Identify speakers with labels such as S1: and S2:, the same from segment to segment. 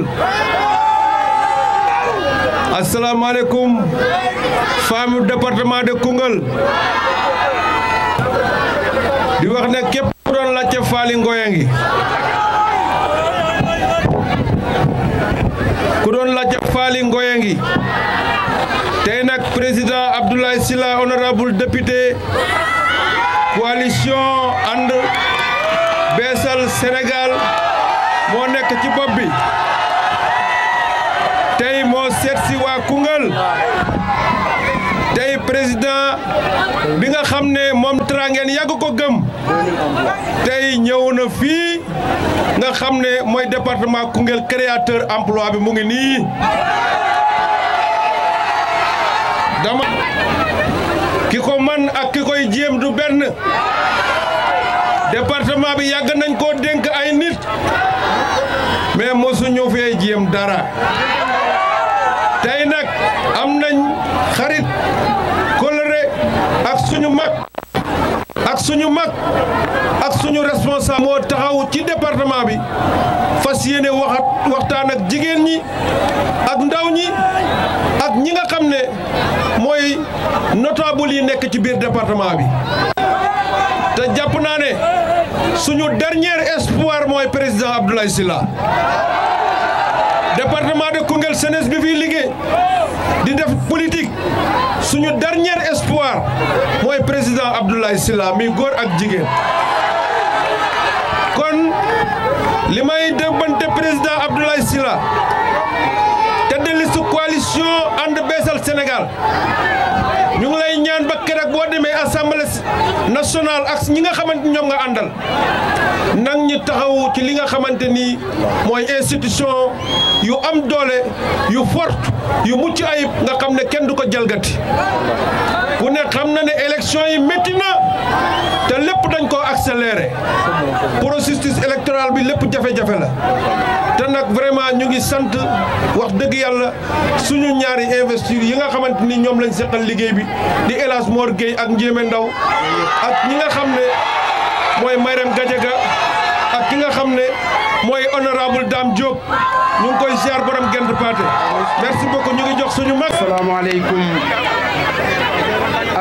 S1: yëmbal
S2: asalaamaaleykum femme département de Koungheul di wax ne képp ku doon laajte Faly Ngoye ngi ngi tey nag président Abdoulaye Sylla honorable député coalition And Beesal Sénégal moo nekk ci bopp bi dugal tey président bi nga xam ne moom trangeen yàgg ko gëm tey ñëw na fii nga xam ne mooy département Koungheul créateur emploi bi mu ngi nii dama ki ko man ak ki koy du benn département bi yàgg nañ koo dénk ay nit mais mosu ñu fee jéem dara suñu mag ak suñu mag ak suñu responsable moo taxaw ci département bi fas yéene waxat waxtaan ak jigéen ñi ak ndaw ñi ak ñi nga xam ne mooy notable yi nekk ci biir département bi te jàpp naa ne suñu dernier espoir mooy président Abdoulaye Sylla département de Koungheul jeunesse bi fiy di def politique suñu dernier espoir mooy président Abdoulaye Sylla mi góor ak kon lima may dëbbante président Abdoulaye Sylla coalition ànd beesal Sénégal ñu ngi lay ñaan ba keroog boo demee assemblée nationale ak ñi nga xamante ñoom nga àndal nan ñu taxaw ci li nga xamante ni mooy institution yu am doole yu fort yu mucc ayib nga xam ne kenn du ko jalgati. ku nekk xam na ne élection yi métti na te lépp dañ ko accéléré processus électoral bi lépp jafe-jafe la te nag vraiment ñu ngi sant wax dëgg yàlla suñu ñaari investiture yi nga xamante ni ñoom lañ seqal liggéey bi di El Hadj ak Ndiémé Ndaw ak ñi nga xam ne mooy Mayrem Gadiaga ak ki nga xam ne mooy honorable Dame Diop ñu ngi koy ziar borom gent paate merci beaucoup ñu ngi jox suñu mag. asalaamaaleykum.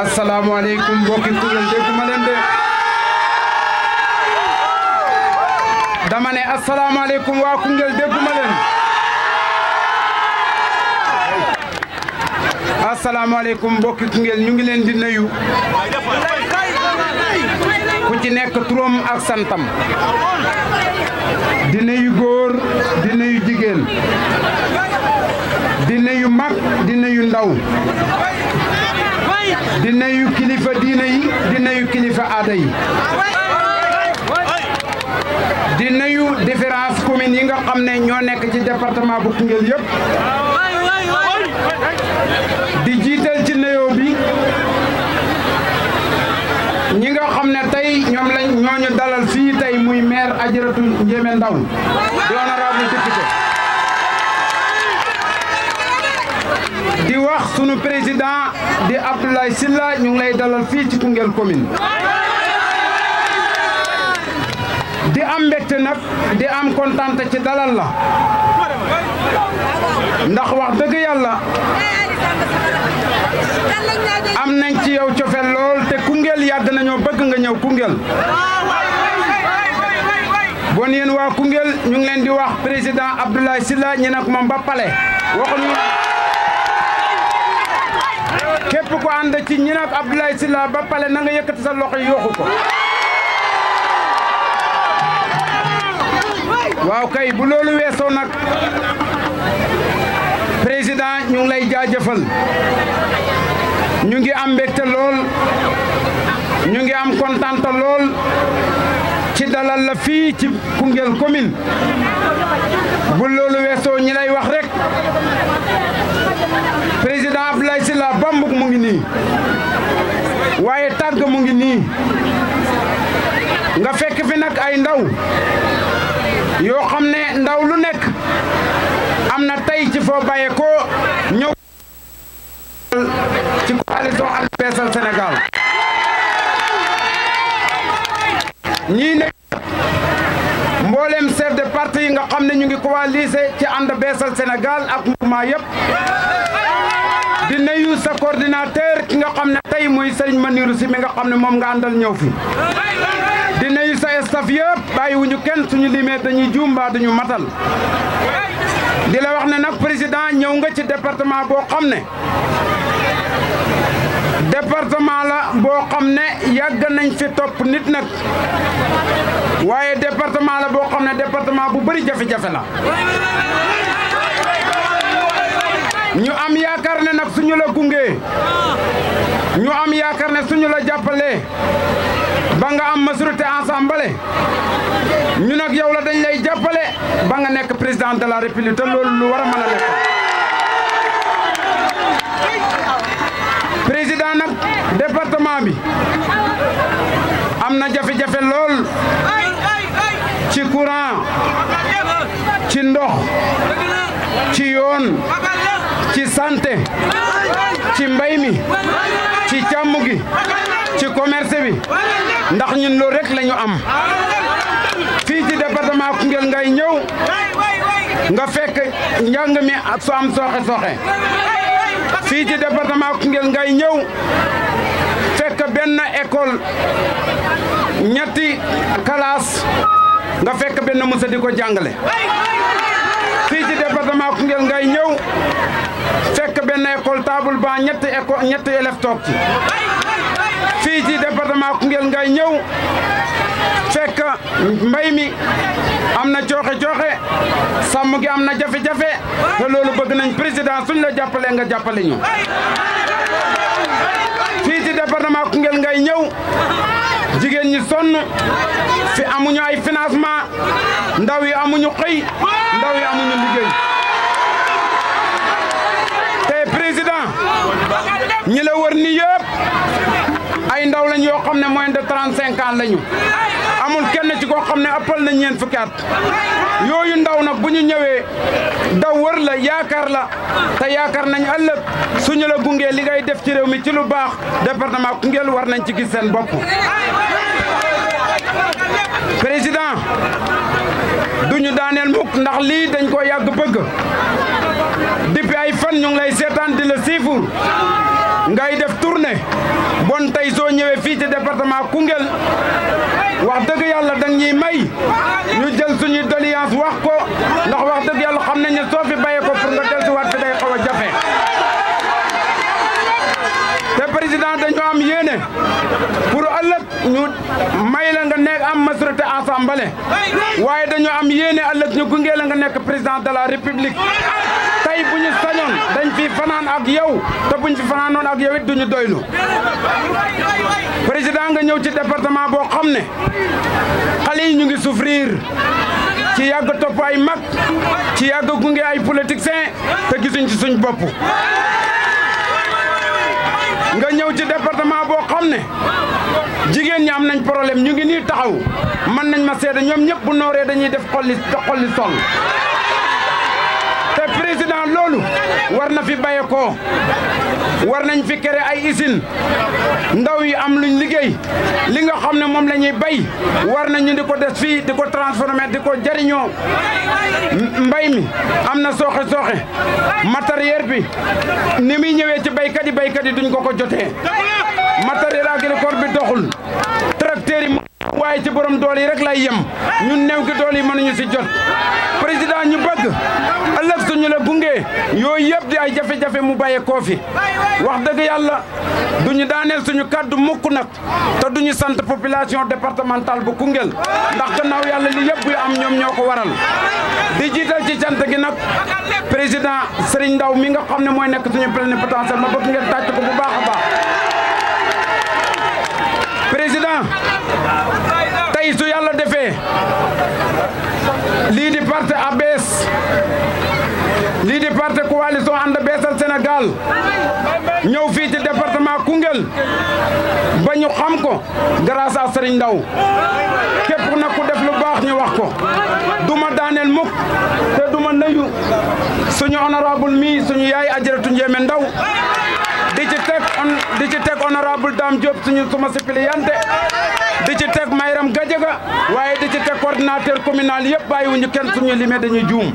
S2: asalaamaaleykum mbokki Koungheul dégguma leen de
S3: dama ne asalaamaaleykum waa Koungheul dégguma leen asalaamaaleykum mbokki Koungheul ñu ngi leen di nuyu ku ci nekk turoom ak santam di yu góor di nuyu jigéen di yu mag di nuyu ndaw di nuyu kilifa diine yi di nuyu kilifa aada yi di nuyu différence communes yi nga xam ne ñoo nekk ci département bu Koungheul yëpp di jiital ci nuyoo bi ñi nga xam ne tey ñoom lañ ñooñu dalal fii tey muy maire Adjaratou Ndiémé Ndaw
S1: di
S3: honorable député wax sunu président di Abdoulaye Sylla ñu ngi lay dalal fii ci Koungheul commune di am mbégte nag di am kontante ci dalal la ndax wax dëgg yàlla am nañ ci yow cofeel lool te Koungheul yàgg nañoo bëgg nga ñëw Koungheul bon yéen waa Koungheul ñu ngi leen di wax président Abdoulaye Sylla ñu ne ko moom ba pale waxuñu képp ku ànd ci ñi nag Abdoulaye Sylla ba pale na nga yëkkati sa loxo yooxu ko waaw kay bu loolu weesoo nag président ñu ngi lay jaajëfal ñu ngi am mbégte lool ñu ngi am kontante lool ci dalal la fii ci Koungheul commune bu loolu weesoo ñi lay wax rek alhamdulilah bambuk mu ngi nii waaye tàgg mu ngi nii nga fekk fi nag ay ndaw yoo xam ne ndaw lu nekk am na tey ci foo bàyyee ko ñëw ci coalition Beesal Sénégal ñii nekk mboolem chef de parti yi nga xam ne ñu ngi coalisé ci And Beesal Sénégal ak mouvement yëpp di nuyu sa coordinateur ki nga xam ne tey muy Serigne Manirou si mi nga xam ne moom nga àndal ñëw fi di nuyu sa staff yëpp bàyyiwuñu kenn suñu limee dañuy juum mbaa matal di wax ne nag président ñëw nga ci département boo xam ne département la boo xam ne yàgg nañ fi topp nit nag waaye département la boo xam ne département bu bari jafe-jafe la ñu am yaakaar ne nag suñu la gunge ñu am yaakaar ne suñu la jàppale ba nga am majorité ensemble ñu nag yow la dañ lay jàppale ba nga nekk président de la république te loolu lu war a mën président nag département bi am na jafe-jafe lool ci courant ci ndox ci yoon ci sante ci mbay mi ci càmm gi ci commerce bi ndax ñun loolu rek la ñu am fii ci département Koungheul ngay ñëw nga fekk njàng mi su am sooxe sooxe fii ci département Koungheul ngay ñëw fekk benn école ñetti kalaas nga fekk benn musa di ko jàngale fii ci département Koungheul ngay ñëw fekk benn école table ba ñetti école ñetti élèves toog ci fii ci département Koungheul ngay ñëw fekk mbay mi am na cooxe-cooxe sàmm gi am na jafe-jafe te loolu bëgg nañ président suñ la jàppalee nga jàppale ñu fii ci département Koungheul ngay ñëw jigéen ñi sonn fi amuñu ay financement ndaw yi amuñu xëy ndaw yi amuñu liggéey ñi la wër ni yëpp ay ndaw lañ yoo xam ne moins de 35 ans lañu amul kenn ci koo xam ne appal na ñeen fukki at yooyu ndaw nag bu ñu ñëwee daw wër la yaakaar la te yaakaar nañ ëllëg suñu la gungee li ngay def ci réew mi ci lu baax département Koungheul war nañ ci gis seen bopp président duñu daaneel mukk ndax lii dañ ko yàgg bëgg depuis ay fan ñu ngi lay seetaan di la siifuur ngay def tournée bon tey soo ñëwee fii ci département Koungheul wax dëgg yàlla dang ñuy may ñu jël suñuy doléance wax ko ndax wax dëgg yàlla xam na ne soo bay am pour ëllëg ñu la nga nekk am majorité assemblée waaye dañoo am yéene ëllëg gunge la nga nekk président de la république tey bu sañoon dañ fi fanaan ak yow te buñ fi fanaanoon ak yow duñu doylu nga ñëw ci département boo xam ne xale yi ñu ngi souffrir ci yàgg topp ay mag ci yàgg gunge ay politiciens te gisuñ ci suñ bopp nga ñëw ci département boo xam ne jigéen ñi am nañ problème ñu ngi nii taxaw man nañ ma seede ñoom ñëpp bu nooree dañuy def xolli xolli sol président loolu war na fi baye ko war nañ fi kere ay usine ndaw yi am luñ liggéey li nga xam ne moom la ñuy bay war nañu di ko des fii di ko transformer di ko jariñoo mbay mi am na sooxe sooxe matériel bi ni muy ñëwee ci baykat yi baykat yi duñ ko ko jotee matériel agricole bi doxul tracteur waaye ci borom doole rek lay yem ñun néew gi doole yi mënuñu si jot président ñu bëgg suñu la di ay jafe-jafe mu bàyyee koo fi wax dëgg yàlla duñu daaneel suñu kàddu mukk nag te duñu sant population départementale bu Koungheul ndax gannaaw yàlla li yëpp yu am ñoom ñoo waral di jiital ci cant gi président Serigne Ndaw mi nga suñu plénipotentiaire ma bëgg ngeen ko bu baax président lii di parti ABS lii di parti coalition ànd beesal Sénégal ñëw fii ci département Koungheul ba ñu xam ko grâce à Serigne Ndaw képp na def lu baax ñu wax ko duma daaneel mukk te duma nayu suñu honorable mi suñu yaay Ajaratu Njéeme Ndaw di ci teg honorable Dame Diop suñu suma suppléante di ci teg Mayram Gadiaga waaye di ci teg coordinateur communal yëpp bàyyiwuñu kenn suñu limee dañuy juum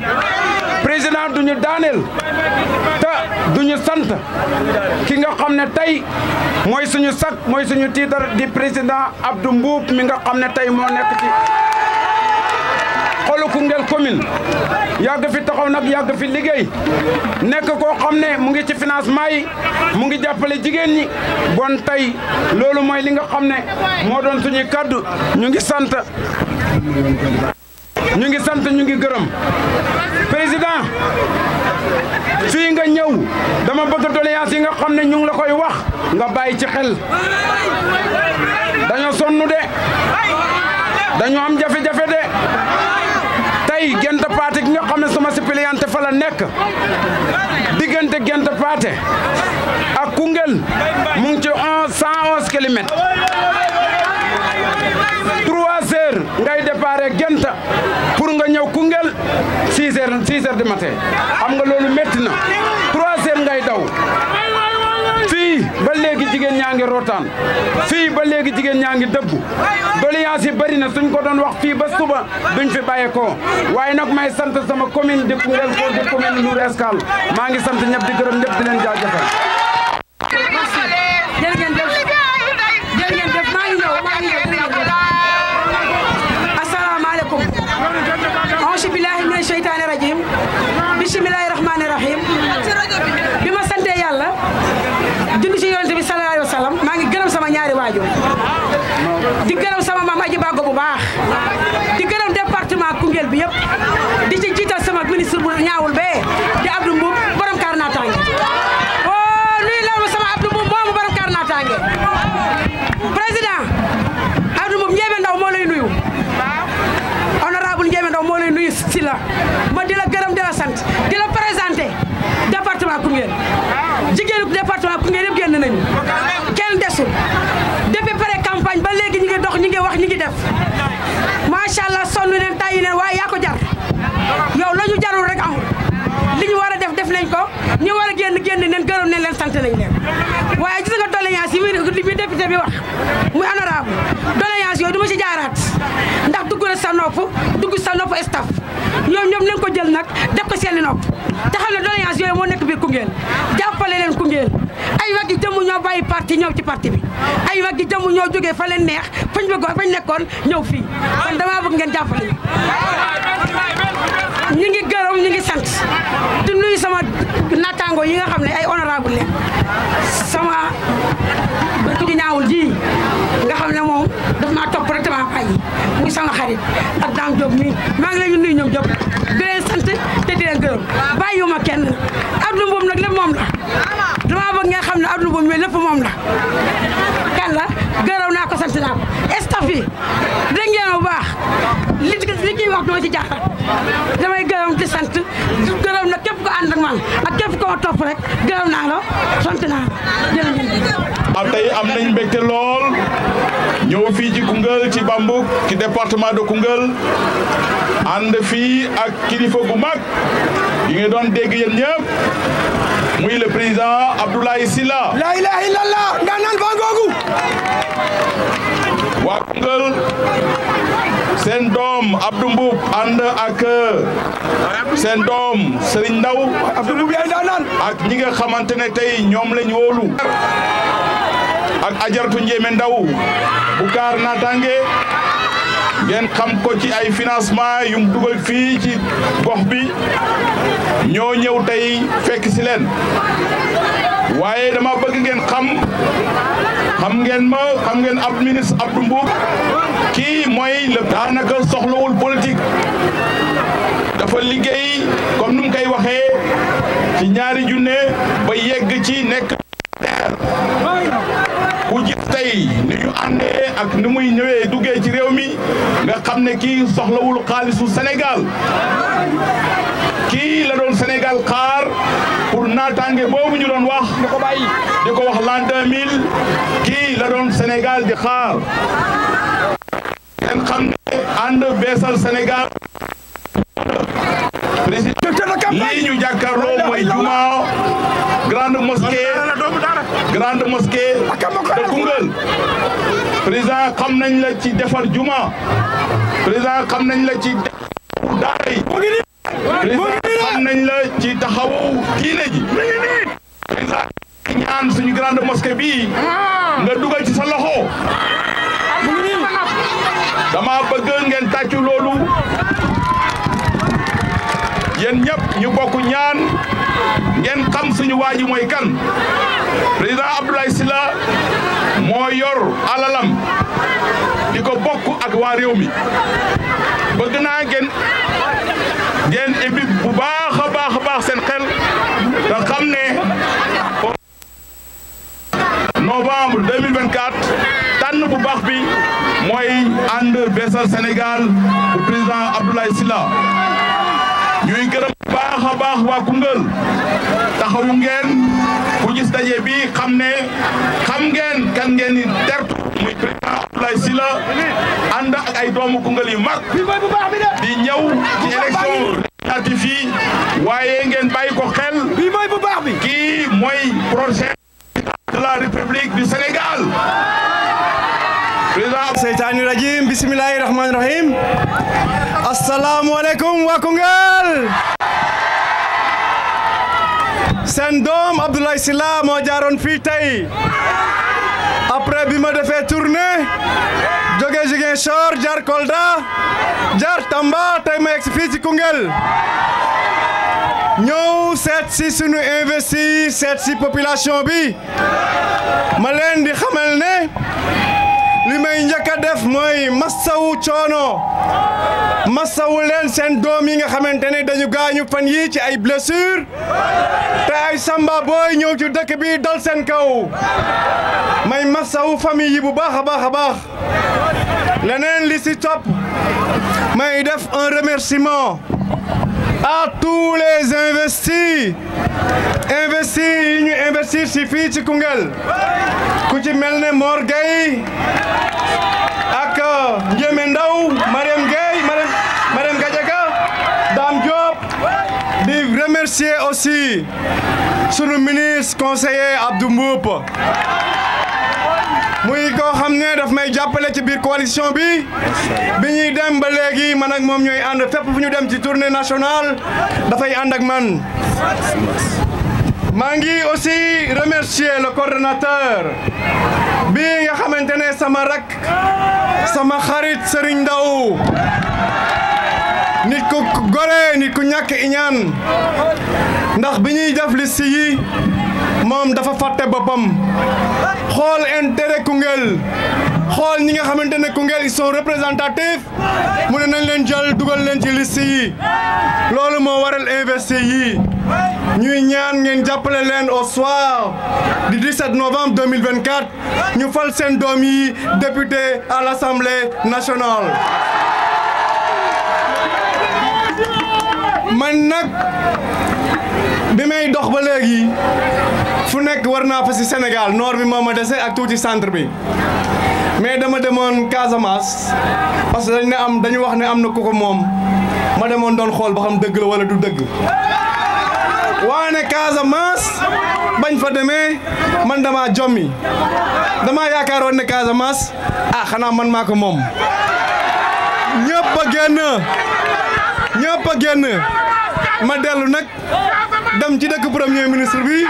S3: président duñu daaneel te ñu sant ki nga xam ne tey mooy suñu sak mooy suñu tiitar di ab Abdou Mboup mi nga xam ne tey moo nekk ci xolu Koungheul commune yàgg fi taxaw nag yàgg fi liggéey nekk koo xam ne mu ngi ci financement yi mu ngi jàppale jigéen ñi bon tey loolu mooy li nga xam ne moo doon suñuy kaddu ñu ngi sant ñu ngi sant ñu ngi gërëm président fii nga ñëw dama bëgg doléance yi nga xam ne ñu ngi la koy wax nga bàyyi ci xel dañoo sonn de dañoo am jafe-jafe de tey Gént Pathé ki nga xam ne sama suppléante fa la nekk diggante Gént Pathé ak Koungheul mu ngi ci onze cent gente kilomètres trois heures ngay déparé Gént pour nga ñëw Koungheul six heures six heures du matin xam nga loolu métti na trois heures ba léegi jigéen ñaa ngi rootaan fii ba léegi jigéen ñaa ngi dëbb doléance yi bëri na suñ ko doon wax fii ba suba duñ fi bàyyeekoo waaye nag may sant sama commune di Koungheul di commune Lour Escale maa ngi sant ñëpp di gërëm ñëpp di leen jaajëfal
S4: Aji Bago bu baax di gërëm département Koungheul bi yëpp di ci jiital sama ministre bu ñaawul bee di Abdou Mboub borom kaar naataange oh nuyu la ma sama Abdou Mboub moomu borom kaar naataange président Abdou Mboub Ndiémé Ndaw moo lay nuyu honorable Ndiémé Ndaw moo lay nuyu si la ma di la gërëm di la sant di la présenté département Koungheul jigéenu département Koungheul yëpp génn nañu macha allah sonn neen tàyyi neen waaye yaa ko jar yow la jarul rek amul li ñu def def nañ ko ñu war a génn génn neen gërëm neen leen sant nañ leen waaye gis nga yi muy député bi wax muy honorable doléance ci jaaraat ndax dugg sa nopp dugg sa nopp staff ñoom ñoom nañ ko jël nag def ko seeni nopp te xam ne doléance yooyu moo nekk biir Koungheul jàppale leen Koungheul ay wag yi ñoo bàyyi parti ñëw ci parti bi ay wag yi jëmm ñoo jógee fa neex fañ bëggoon fañ nekkoon ñëw fii kon damaa bëgg ngeen jàppale ñu ngi gërëm ñu sant di sama naataango yi nga xam ne ay honorable leen sama bëtu ñaawul ji nga xam ne moom daf maa topp papa yi muy sama xarit ak daam mi maa ngi leen di ñoom Diop di sant te di leen gërëm bàyyiwuma kenn adduna boobu nag lépp moom la dama bëgg ngeen xam ne adduna boobu mais lépp moom la kan la gërëm sant naa ko staff yi dégg ngeen bu baax li li ciy wax doo ci jaaxal damay gërëm di sant gërëm na képp ko ànd ak man ak képp ko ma topp rek gërëm naa la sant naa la jërëjëf am tey am nañ mbégte lool
S5: ñëw fii ci Koungheul ci Bambouk ci département de Koungheul ànd fii ak kilifa gu mag yi nga doon dégg yéen ñëpp muy le président Abdoulaye Sylla. la ilaha illallah naan baa ngoogu waa Koungheul. seen doom Abdou Mboup ànd ak seen doom Serigne Ndaw Abdou Mboup yaay daanaan ak ñi nga xamante ne tey ñoom lañ wóolu ak ajartu njéeme ndaw bu gaar na tànge ngeen xam ko ci ay financement yum dugal fii ci gox bi ñoo ñëw tey fekk si leen waaye dama bëgg ngeen xam xam ngeen ma xam ngeen ab ministre Abdou Mboup kii mooy la daanaka soxlawul politique dafa liggéey comme nu mu koy ci ñaari junne ba yegg ci nekk ku gis tey ni ñu àndee ak ni muy ñëwee duggee ci réew mi nga xam ne kii soxlawul xaalisu Sénégal kii la doon senegal xaar pour naataange boobu ñu doon wax di ko wax l'an 2000 kii la doon Sénégal di xaar ngeen xam ne ànd beesal Sénégal président lii ñu jàkkaarloo mooy juma grande mosquée grande mosquée de Koungheul xam nañ la ci defar juma président xam nañ la ci defar daara yi président nañ la ci taxawu diine ji président ñaan suñu grande mosquée bii ah. nga dugal ci sa loxo dama bëgg ngeen tàccu loolu yéen ñëpp ñu bokk ñaan ngeen xam suñu waa ji kan président Abdoulaye Sylla moo yor alalam di ko bokk ak waa réew mi bëgg naa ngeen ngeen ibi bu baax baax baax seen xel nga xam ne novembre 2024 tànn bu baax bi mooy ànd beesal Sénégal bu président Abdoulaye Sylla ñuy gërëm baax a baax waa Koungheul taxawu ku gis daje bi xam ne xam ngeen tertu muy président Abdoulaye Sylla ànd ay doomu Koungheul yu mag di ñëw ci élection législative yi waaye ngeen ko xel kii mooy projet de la République du Sénégal seytaani
S6: rajim bismillahi rahmani rahim asalaamualeykum waa Koungheul seen doom Abdoulaye moo jaaroon fii tey après bi ma defee tournée jóge Ziguinchor jaar Kolda jaar Tamba tey fii ci Koungheul ñëw seet sunu investir seet si population bi ma di xamal li may njëkk a def mooy massawu coono massawu leen seen doom yi nga xamante ne dañu gaañu fan yii ci ay blessure te ay samba booy ñëw ci dëkk bi dal seen kaw may massawu famille yi bu baax a baax a baax leneen li si topp may def un remerciement à tous les investis investis investis, si investir Kungel. fii ci Koungheul ku ci euh, Mariam Gay, Mariam Mariam Dame Job. remercier aussi sur le ministre conseiller Abdou Mboup xam ne daf may jàppale ci biir coalition bi bi ñuy dem ba léegi man ak moom ñooy ànd fépp fu dem ci tournée nationale dafay ànd ak man maa ngi aussi remercier le coordonnateur bi nga xamante ne sama rak sama xarit Serigne Ndao nit ku gore nit ku ñàkk iñaan ndax bi ñuy def liste yi moom dafa fàtte boppam xool intérêt Koungheul xool ñi nga xamante ne Koungheul ils sont représentatifs mu ne nañ leen jël dugal leen ci liste yi loolu moo waral investi yi ñuy ñaan ngeen jàppale leen au soir du 17 novembre 2024 ñu fal seen doom yi député à l'Assemblée nationale man nag bi may dox ba léegi fu nekk war naa fa si Sénégal noor bi moo ma dese ak tuuti centre bi mais dama demoon Casamance parce que dañ ne am dañu wax ne am na ko ko moom ma demoon doon xool ba xam dëgg la wala du dëgg waane Casamance bañ fa demee man dama jommi dama yaakaaroon ne Casamance ah xanaa man maa ko moom ñëpp a génn ñëpp a génn ma dellu nag dem ci dëkk premier ministre bi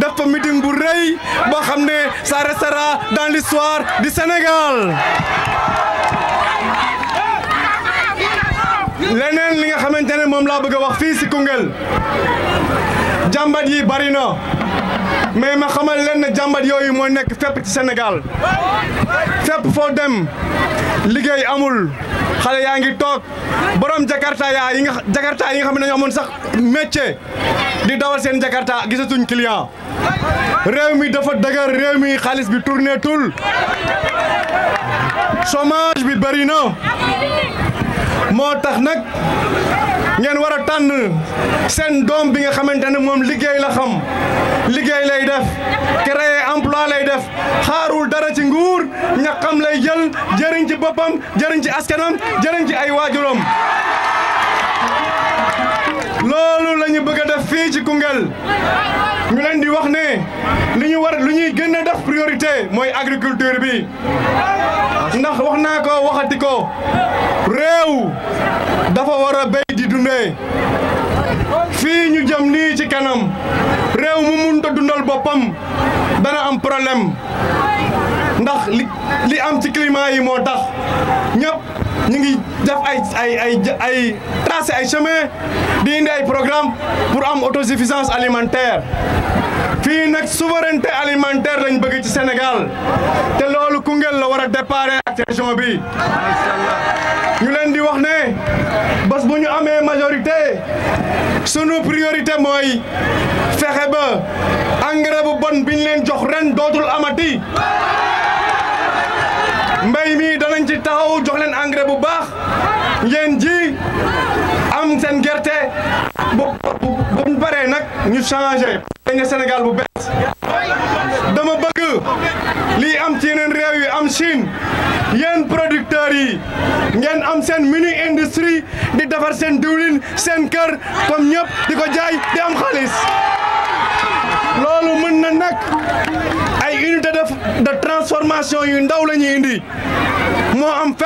S6: def fa meeting bu rëy boo xam ne ça restera dans l'histoire du Sénégal. leneen li nga xamante ne moom laa bëgg a wax fii si Koungheul jàmbat yi bari na. mais ma xamal leen ne jàmbat yooyu moo nekk fépp ci Sénégal fépp foo dem liggéey amul xale yaa ngi toog borom jakarta yaa yi nga jakarta yi nga xam ne dañoo amoon sax métier di dawal seen jakarta gisatuñ client réew mi dafa dëgër réew mi xaalis bi tourné tul chômage bi bëri na moo tax nag ngeen war a tànn seen doom bi nga xamante ne moom liggéey la xam liggéey lay def créer emploi lay def xaarul dara ci nguur ñaqam lay jël jëriñ ci boppam jëriñ ci askanam jëriñ ci ay waajuram loolu la ñu bëgg a def fii ci Koungheul ñu leen di wax ne li ñu war lu ñuy gën a def priorité mooy agriculture bi ndax wax naa ko waxati ko réew dafa war a béy di dundee fii ñu jëm nii ci kanam réew mu mënut a dundal boppam dana am problème ndax li li am ci climat yi moo tax ñëpp ñu ngi def ay ay ay ay tracé ay chemin di ay programme pour am autosuffisance alimentaire fii nag souveraineté alimentaire lañ bëgg ci Sénégal te loolu Koungheul la war a déparé ak région bi ñu leen di wax ne bés bu ñu amee majorité sunu priorité mooy fexe ba engrais bu bon biñ leen jox ren dootul am a amati mbay mi danañ ci taxaw jox leen engrais bu baax ngeen ji am seen gerte bu buñ baree nag ñu changé dañu senegal bu bees dama bëgg lii am ci yeneen réew yi am Chine yéen producteurs yi ngeen am seen mini industrie di defar seen diwlin seen kër comme ñëpp di ko jaay di am xaalis loolu mën na nekk de transformation yu ndaw la ñuy indi moo am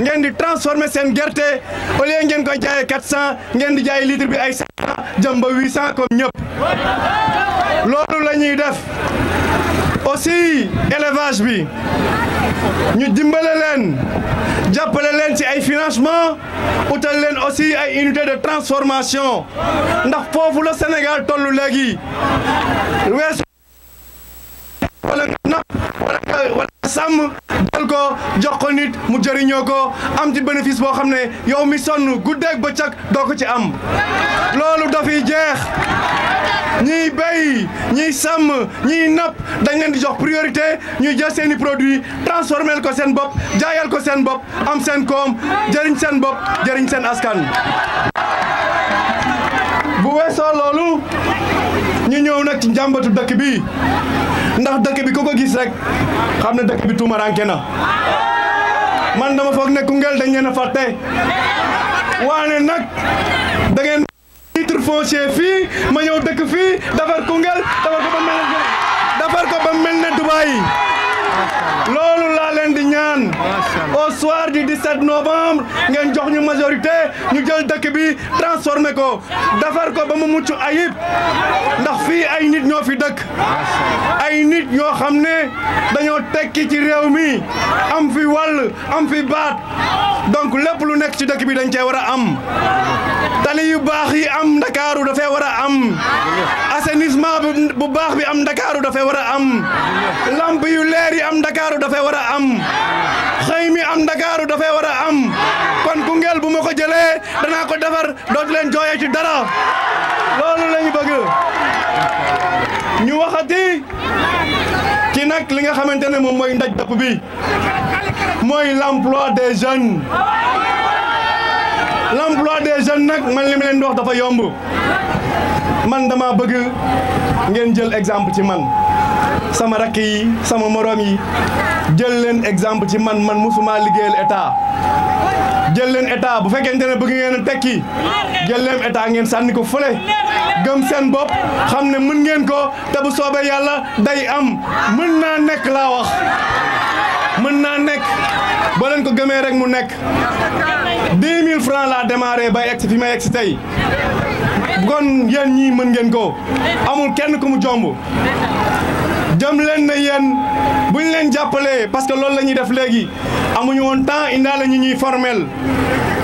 S6: ngeen di transformer seen gerte au lieu ngeen koy jaayee 400 ngeen di jaay litre bi ay 100 jëm ba 800 comme ñëpp loolu la ñuy def aussi élevage bi ñu dimbale si jàppale leen ci ay financement utal leen aussi ay unité de transformation ndax foofu la Sénégal tollu léegi weesu napp wala sam, jël ko jox ko nit mu jëriñoo ko am ci bénéfice boo xam ne yow mi sonn guddeeg bëccëg doo ko ci am loolu dafiy jeex ñiy béy ñiy sam, ñiy nap dañ leen di jox priorité ñuy jël seen i produit transformer ko seen bopp jaayal ko seen bopp am seen koom jëriñ seen bopp jëriñ seen askan bu weesoo loolu ñu ñëw nag ci njàmbatu dëkk bi ndax dëkk bi ko ko gis rek xam ne dëkk bi tumaranke na man dama foog ne ngel dañ leen a fàtte waane nag da ngeen titre foncier fii ma ñëw dëkk fii defar ngel defar ko ba mel ne Dubaï loolu laa leen di ñaan au soir du 17 novembre ngeen jox ñu majorité ñu jël dëkk bi transformé ko defar ko ba mu mucc ayib ndax fii ay nit ñoo fi dëkk ay nit ñoo xam ne dañoo tekki ci réew mi am fi wàll am fi baat donc lépp lu nekk ci dëkk bi dañ cee war a am tali yu baax yi am ndakaaru dafay war a am assainissement bu baax bi am ndakaaru dafay war a am lamp yu leer yi am ndakaaru dafay war a am xëy mi am ndakaaru dafay war a am kon Koungheul bu ma ko jëlee danaa ko defar dootu leen jooyee ci dara loolu la ñu bëgg ñu waxati ci nag li nga xamante ne moom mooy ndaj dëpp bi moy l'emploi des jeunes l'emploi des jeunes nak man li ma leen di wax dafa yomb man dama bëgg ngeen jël exemple ci man sama rakk yi sama moroom yi jël leen exemple ci man man musuma liggéeyal état jël leen état bu fekkente ne bëgg ngeen a tekki jël leen état ngeen sànni ko fële gëm seen bopp xam ne mën ngeen ko te bu soobee yàlla day am mën naa nekk laa wax mën naa nekk boo leen ko gëmee rek mu nekk di 000 francs laa démarré ba egg si fi ma egg tey kon yéen ñi mën ngeen ko amul kenn ku mu jomb jëm leen ne yéen buñ leen jàppalee parce que loolu la ñuy def léegi amuñu woon temps indaa la ñu ñuy formel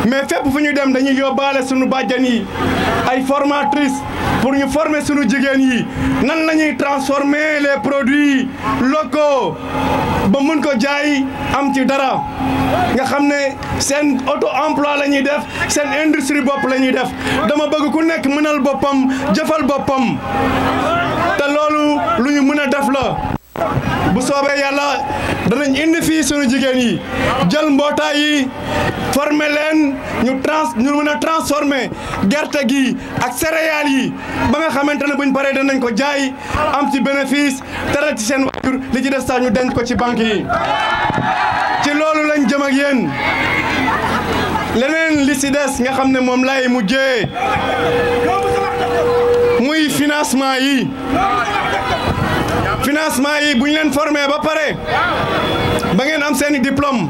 S6: mais fépp fu ñu dem dañuy yóbbaale suñu bàjjan yi ay formatrice pour ñu former suñu jigéen yi nan lañuy transformer les produits locaux ba mën ko jaay am ci dara nga xam ne seen auto emplois la ñuy def seen industrie bopp la ñuy def dama bëgg ku nekk mënal boppam jëfal boppam te loolu lu ñu mën a def la bu soobee yàlla danañ indi fii suñu jigéen yi jël mbootaay yi former leen ñu trans ñu mën a transformer gerte gi ak céréales yi ba nga xamante ne buñ paree danañ ko jaay am ci bénéfice teral ci seen waajur li ci des sax ñu denc ko ci banque yi ci loolu lañ jëm ak yéen leneen li si nga xam ne moom lay mujjee muy financement yi financement yi bu ñu leen formé ba pare ba ngeen am seeni diplôme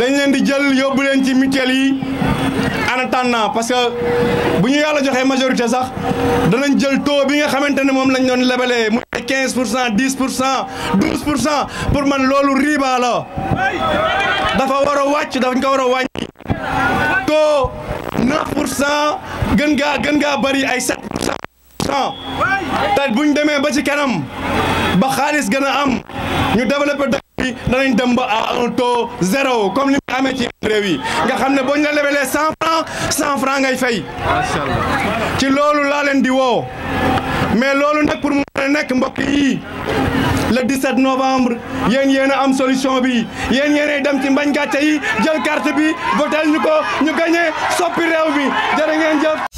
S6: dañ leen di jël yóbbu leen ci mutuelle yi en attendant parce que bu ñu yàlla joxee majorité sax danañ jël taux bi nga xamante ne moom lañ doon lebalee mu 15 pour cent 10 pour cent 12 pour cent pour man loolu riba la dafa war a wàcc dafañ ko war a wàññi taux 9 pour cent gën gaa gën gaa bëri ay 7 pour cent francs te buñ demee ba ci kanam ba xaalis gën a am ñu développé dëkk bi danañ dem ba à un taux zéro comme ni amee ci réew yi nga xam ne boo ñu la lebelee cent francs cent francs ngay fay ci loolu laa leen di woo mais loolu nag pour mu mën nekk mbokk yi le 17 novembre yéen yéen a am solution bi yéen yéenay dem ci mbañ gàcce yi jël carte bi votel ñu ko ñu gagné soppi réew bi jërë ngeen